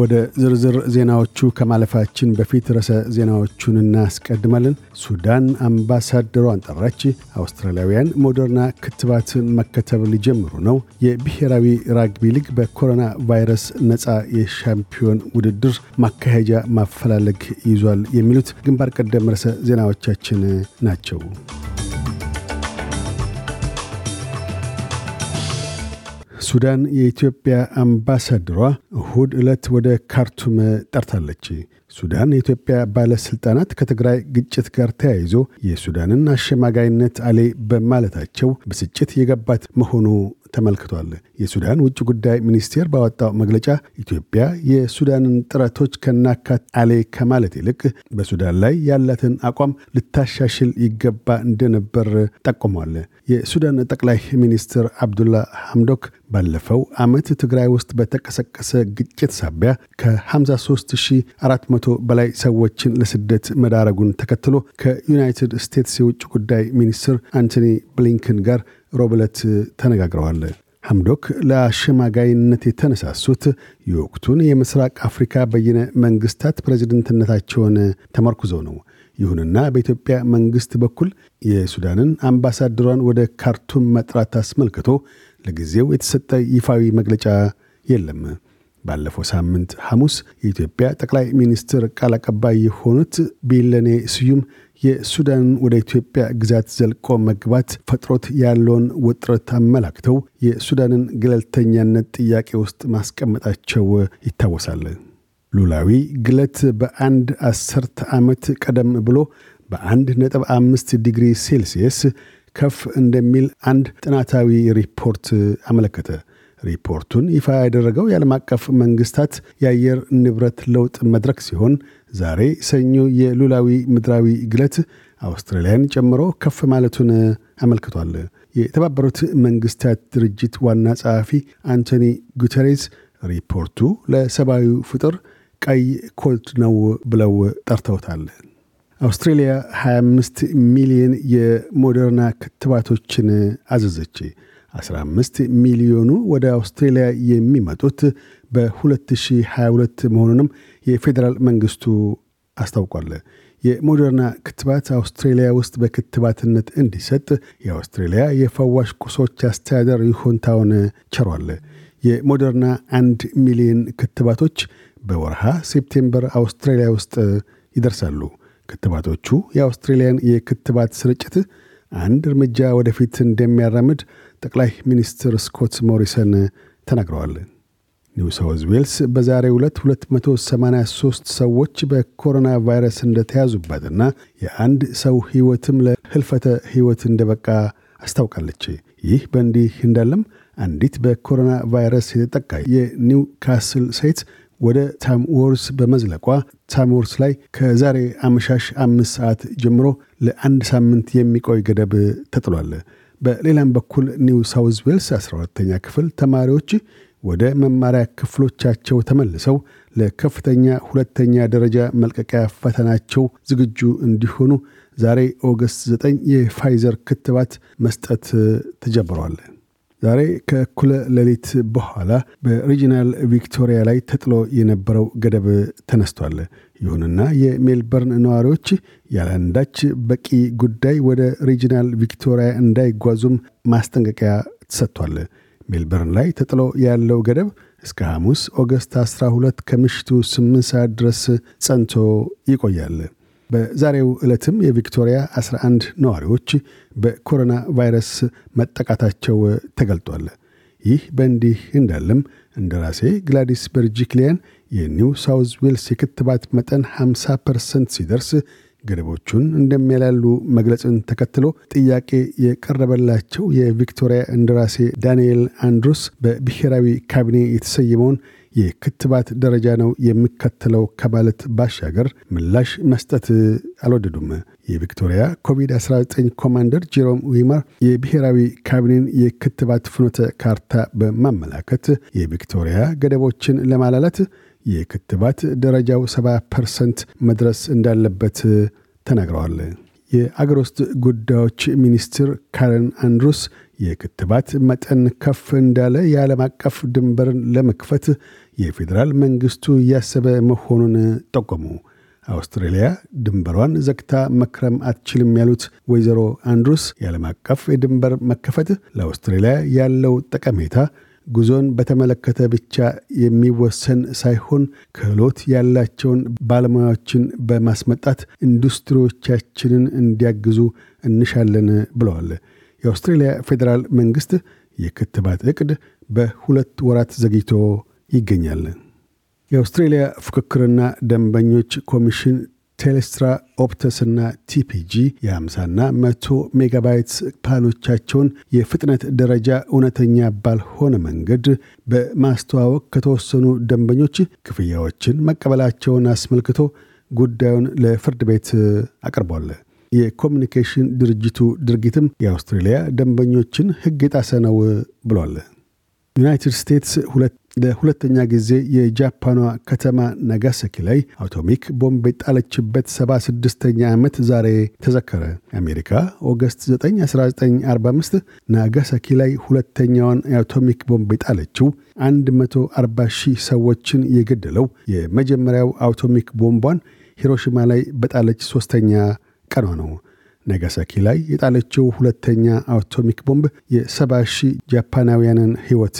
ወደ ዝርዝር ዜናዎቹ ከማለፋችን በፊት ረዕሰ ዜናዎቹን እናስቀድማለን። ሱዳን አምባሳደሯን ጠራች። አውስትራሊያውያን ሞደርና ክትባት መከተብ ሊጀምሩ ነው። የብሔራዊ ራግቢ ሊግ በኮሮና ቫይረስ ነፃ የሻምፒዮን ውድድር ማካሄጃ ማፈላለግ ይዟል። የሚሉት ግንባር ቀደም ረዕሰ ዜናዎቻችን ናቸው። ሱዳን የኢትዮጵያ አምባሳደሯ እሁድ ዕለት ወደ ካርቱም ጠርታለች። ሱዳን የኢትዮጵያ ባለሥልጣናት ከትግራይ ግጭት ጋር ተያይዞ የሱዳንን አሸማጋይነት አሌ በማለታቸው ብስጭት የገባት መሆኑ ተመልክቷል። የሱዳን ውጭ ጉዳይ ሚኒስቴር ባወጣው መግለጫ ኢትዮጵያ የሱዳንን ጥረቶች ከናካት አሌ ከማለት ይልቅ በሱዳን ላይ ያላትን አቋም ልታሻሽል ይገባ እንደነበር ጠቁሟል። የሱዳን ጠቅላይ ሚኒስትር አብዱላ ሐምዶክ ባለፈው ዓመት ትግራይ ውስጥ በተቀሰቀሰ ግጭት ሳቢያ ከ53400 በላይ ሰዎችን ለስደት መዳረጉን ተከትሎ ከዩናይትድ ስቴትስ የውጭ ጉዳይ ሚኒስትር አንቶኒ ብሊንከን ጋር ሮብለት ተነጋግረዋል። ሐምዶክ ለአሸማጋይነት የተነሳሱት የወቅቱን የምስራቅ አፍሪካ በይነ መንግስታት ፕሬዝደንትነታቸውን ተመርኩዘው ነው። ይሁንና በኢትዮጵያ መንግስት በኩል የሱዳንን አምባሳደሯን ወደ ካርቱም መጥራት አስመልክቶ ለጊዜው የተሰጠ ይፋዊ መግለጫ የለም። ባለፈው ሳምንት ሐሙስ የኢትዮጵያ ጠቅላይ ሚኒስትር ቃል አቀባይ የሆኑት ቢለኔ ስዩም የሱዳን ወደ ኢትዮጵያ ግዛት ዘልቆ መግባት ፈጥሮት ያለውን ውጥረት አመላክተው የሱዳንን ገለልተኛነት ጥያቄ ውስጥ ማስቀመጣቸው ይታወሳል። ሉላዊ ግለት በአንድ አስርተ ዓመት ቀደም ብሎ በአንድ ነጥብ አምስት ዲግሪ ሴልሲየስ ከፍ እንደሚል አንድ ጥናታዊ ሪፖርት አመለከተ። ሪፖርቱን ይፋ ያደረገው የዓለም አቀፍ መንግስታት የአየር ንብረት ለውጥ መድረክ ሲሆን ዛሬ ሰኞ የሉላዊ ምድራዊ ግለት አውስትራሊያን ጨምሮ ከፍ ማለቱን አመልክቷል። የተባበሩት መንግስታት ድርጅት ዋና ጸሐፊ አንቶኒ ጉተሬስ ሪፖርቱ ለሰብአዊ ፍጥር ቀይ ኮድ ነው ብለው ጠርተውታል። አውስትሬሊያ 25 ሚሊዮን የሞደርና ክትባቶችን አዘዘች። 15 ሚሊዮኑ ወደ አውስትሬሊያ የሚመጡት በ2022 መሆኑንም የፌዴራል መንግስቱ አስታውቋል። የሞደርና ክትባት አውስትሬሊያ ውስጥ በክትባትነት እንዲሰጥ የአውስትሬሊያ የፈዋሽ ቁሶች አስተዳደር ይሁንታውን ቸሯል። የሞደርና አንድ ሚሊዮን ክትባቶች በወርሃ ሴፕቴምበር አውስትሬሊያ ውስጥ ይደርሳሉ። ክትባቶቹ የአውስትሬልያን የክትባት ስርጭት አንድ እርምጃ ወደፊት እንደሚያራምድ ጠቅላይ ሚኒስትር ስኮት ሞሪሰን ተናግረዋል። ኒውሳውዝ ዌልስ በዛሬ ሁለት 283 ሰዎች በኮሮና ቫይረስ እንደተያዙባትና የአንድ ሰው ሕይወትም ለህልፈተ ሕይወት እንደበቃ አስታውቃለች። ይህ በእንዲህ እንዳለም አንዲት በኮሮና ቫይረስ የተጠቃ የኒው ካስል ሴት ወደ ታምወርስ በመዝለቋ ታምወርስ ላይ ከዛሬ አመሻሽ አምስት ሰዓት ጀምሮ ለአንድ ሳምንት የሚቆይ ገደብ ተጥሏል። በሌላም በኩል ኒው ሳውዝ ዌልስ 12ተኛ ክፍል ተማሪዎች ወደ መማሪያ ክፍሎቻቸው ተመልሰው ለከፍተኛ ሁለተኛ ደረጃ መልቀቂያ ፈተናቸው ዝግጁ እንዲሆኑ ዛሬ ኦገስት 9 የፋይዘር ክትባት መስጠት ተጀምሯል። ዛሬ ከእኩለ ሌሊት በኋላ በሪጂናል ቪክቶሪያ ላይ ተጥሎ የነበረው ገደብ ተነስቷል። ይሁንና የሜልበርን ነዋሪዎች ያለንዳች በቂ ጉዳይ ወደ ሪጂናል ቪክቶሪያ እንዳይጓዙም ማስጠንቀቂያ ተሰጥቷል። ሜልበርን ላይ ተጥሎ ያለው ገደብ እስከ ሐሙስ ኦገስት 12 ከምሽቱ 8 ሰዓት ድረስ ጸንቶ ይቆያል። በዛሬው ዕለትም የቪክቶሪያ 11 ነዋሪዎች በኮሮና ቫይረስ መጠቃታቸው ተገልጧል። ይህ በእንዲህ እንዳለም እንደራሴ ግላዲስ በርጂክሊያን የኒው ሳውዝ ዌልስ የክትባት መጠን 50 ፐርሰንት ሲደርስ ገደቦቹን እንደሚያላሉ መግለጽን ተከትሎ ጥያቄ የቀረበላቸው የቪክቶሪያ እንደራሴ ዳንኤል አንድሮስ በብሔራዊ ካቢኔ የተሰየመውን የክትባት ደረጃ ነው የሚከተለው ከማለት ባሻገር ምላሽ መስጠት አልወደዱም። የቪክቶሪያ ኮቪድ-19 ኮማንደር ጄሮም ዊመር የብሔራዊ ካቢኔን የክትባት ፍኖተ ካርታ በማመላከት የቪክቶሪያ ገደቦችን ለማላላት የክትባት ደረጃው 70 ፐርሰንት መድረስ እንዳለበት ተናግረዋል። የአገር ውስጥ ጉዳዮች ሚኒስትር ካረን አንድሩስ የክትባት መጠን ከፍ እንዳለ የዓለም አቀፍ ድንበርን ለመክፈት የፌዴራል መንግስቱ እያሰበ መሆኑን ጠቆሙ። አውስትራሊያ ድንበሯን ዘግታ መክረም አትችልም ያሉት ወይዘሮ አንድሩስ የዓለም አቀፍ የድንበር መከፈት ለአውስትራሊያ ያለው ጠቀሜታ ጉዞን በተመለከተ ብቻ የሚወሰን ሳይሆን ክህሎት ያላቸውን ባለሙያዎችን በማስመጣት ኢንዱስትሪዎቻችንን እንዲያግዙ እንሻለን ብለዋል። የአውስትሬልያ ፌዴራል መንግሥት የክትባት እቅድ በሁለት ወራት ዘግይቶ ይገኛል። የአውስትሬልያ ፉክክርና ደንበኞች ኮሚሽን ቴሌስትራ፣ ኦፕተስና ቲፒጂ የ50ና 100 ሜጋባይትስ ፕላኖቻቸውን የፍጥነት ደረጃ እውነተኛ ባልሆነ መንገድ በማስተዋወቅ ከተወሰኑ ደንበኞች ክፍያዎችን መቀበላቸውን አስመልክቶ ጉዳዩን ለፍርድ ቤት አቅርቧል። የኮሚኒኬሽን ድርጅቱ ድርጊትም የአውስትሬልያ ደንበኞችን ህግ የጣሰ ነው ብሏል። ዩናይትድ ስቴትስ ለሁለተኛ ጊዜ የጃፓኗ ከተማ ነጋሰኪ ላይ አቶሚክ ቦምብ የጣለችበት 76ኛ ዓመት ዛሬ ተዘከረ። አሜሪካ ኦገስት 9 1945 ላይ ሁለተኛውን የአቶሚክ ቦምብ የጣለችው 140 ሺህ ሰዎችን የገደለው የመጀመሪያው አቶሚክ ቦምቧን ሂሮሽማ ላይ በጣለች ሦስተኛ ቀኗ ነው። ነገሰኪ ላይ የጣለችው ሁለተኛ አቶሚክ ቦምብ የሰባ ሺህ ጃፓናውያንን ሕይወት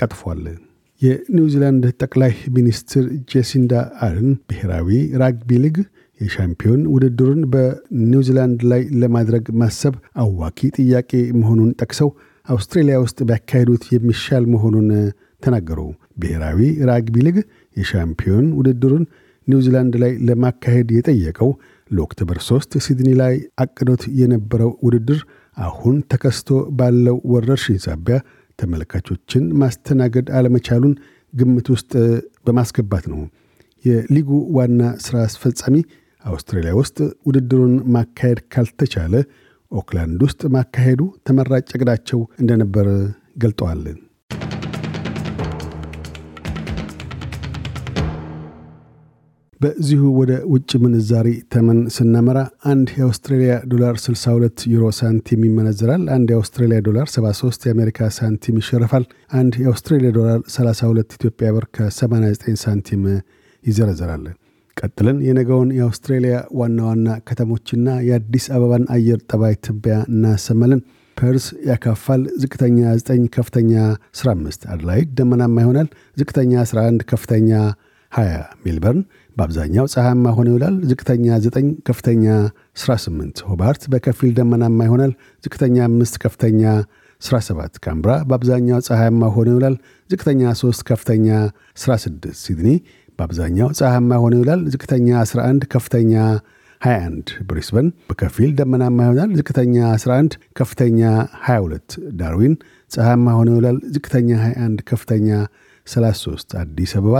ቀጥፏል። የኒውዚላንድ ጠቅላይ ሚኒስትር ጄሲንዳ አርን ብሔራዊ ራግቢ ሊግ የሻምፒዮን ውድድሩን በኒውዚላንድ ላይ ለማድረግ ማሰብ አዋኪ ጥያቄ መሆኑን ጠቅሰው አውስትሬልያ ውስጥ ቢያካሄዱት የሚሻል መሆኑን ተናገሩ። ብሔራዊ ራግቢ ሊግ የሻምፒዮን ውድድሩን ኒውዚላንድ ላይ ለማካሄድ የጠየቀው ለኦክቶበር 3 ሲድኒ ላይ አቅዶት የነበረው ውድድር አሁን ተከስቶ ባለው ወረርሽኝ ሳቢያ ተመልካቾችን ማስተናገድ አለመቻሉን ግምት ውስጥ በማስገባት ነው። የሊጉ ዋና ሥራ አስፈጻሚ አውስትራሊያ ውስጥ ውድድሩን ማካሄድ ካልተቻለ ኦክላንድ ውስጥ ማካሄዱ ተመራጭ እቅዳቸው እንደነበር ገልጠዋል። በዚሁ ወደ ውጭ ምንዛሪ ተመን ስናመራ አንድ የአውስትሬልያ ዶላር 62 ዩሮ ሳንቲም ይመነዝራል። አንድ የአውስትሬልያ ዶላር 73 የአሜሪካ ሳንቲም ይሸርፋል። አንድ የአውስትሬልያ ዶላር 32 ኢትዮጵያ ብር ከ89 ሳንቲም ይዘረዘራል። ቀጥለን የነገውን የአውስትሬሊያ ዋና ዋና ከተሞችና የአዲስ አበባን አየር ጠባይ ትንበያ እናሰማለን። ፐርስ ያካፋል። ዝቅተኛ 9 ከፍተኛ 15። አድላይድ ደመናማ ይሆናል። ዝቅተኛ 11 ከፍተኛ 20። ሜልበርን በአብዛኛው ፀሐያማ ሆኖ ይውላል። ዝቅተኛ 9፣ ከፍተኛ 18። ሆባርት በከፊል ደመናማ ይሆናል። ዝቅተኛ 5፣ ከፍተኛ 17። ካምብራ በአብዛኛው ፀሐያማ ሆኖ ይውላል። ዝቅተኛ 3፣ ከፍተኛ 16። ሲድኒ በአብዛኛው ፀሐያማ ሆኖ ይውላል። ዝቅተኛ 11፣ ከፍተኛ 21 ብሪስበን በከፊል ደመናማ ይሆናል። ዝቅተኛ 11 ከፍተኛ 22 ዳርዊን ፀሐያማ ሆኖ ይውላል። ዝቅተኛ 21 ከፍተኛ 33 አዲስ አበባ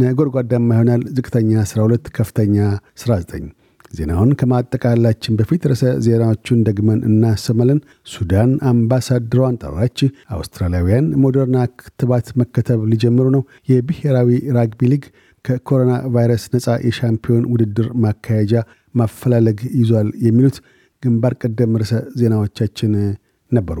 ነጎድጓዳማ ይሆናል። ዝቅተኛ 12፣ ከፍተኛ 19። ዜናውን ከማጠቃላችን በፊት ርዕሰ ዜናዎቹን ደግመን እናሰማለን። ሱዳን አምባሳደሯን ጠራች። አውስትራሊያውያን ሞደርና ክትባት መከተብ ሊጀምሩ ነው። የብሔራዊ ራግቢ ሊግ ከኮሮና ቫይረስ ነፃ የሻምፒዮን ውድድር ማካሄጃ ማፈላለግ ይዟል። የሚሉት ግንባር ቀደም ርዕሰ ዜናዎቻችን ነበሩ።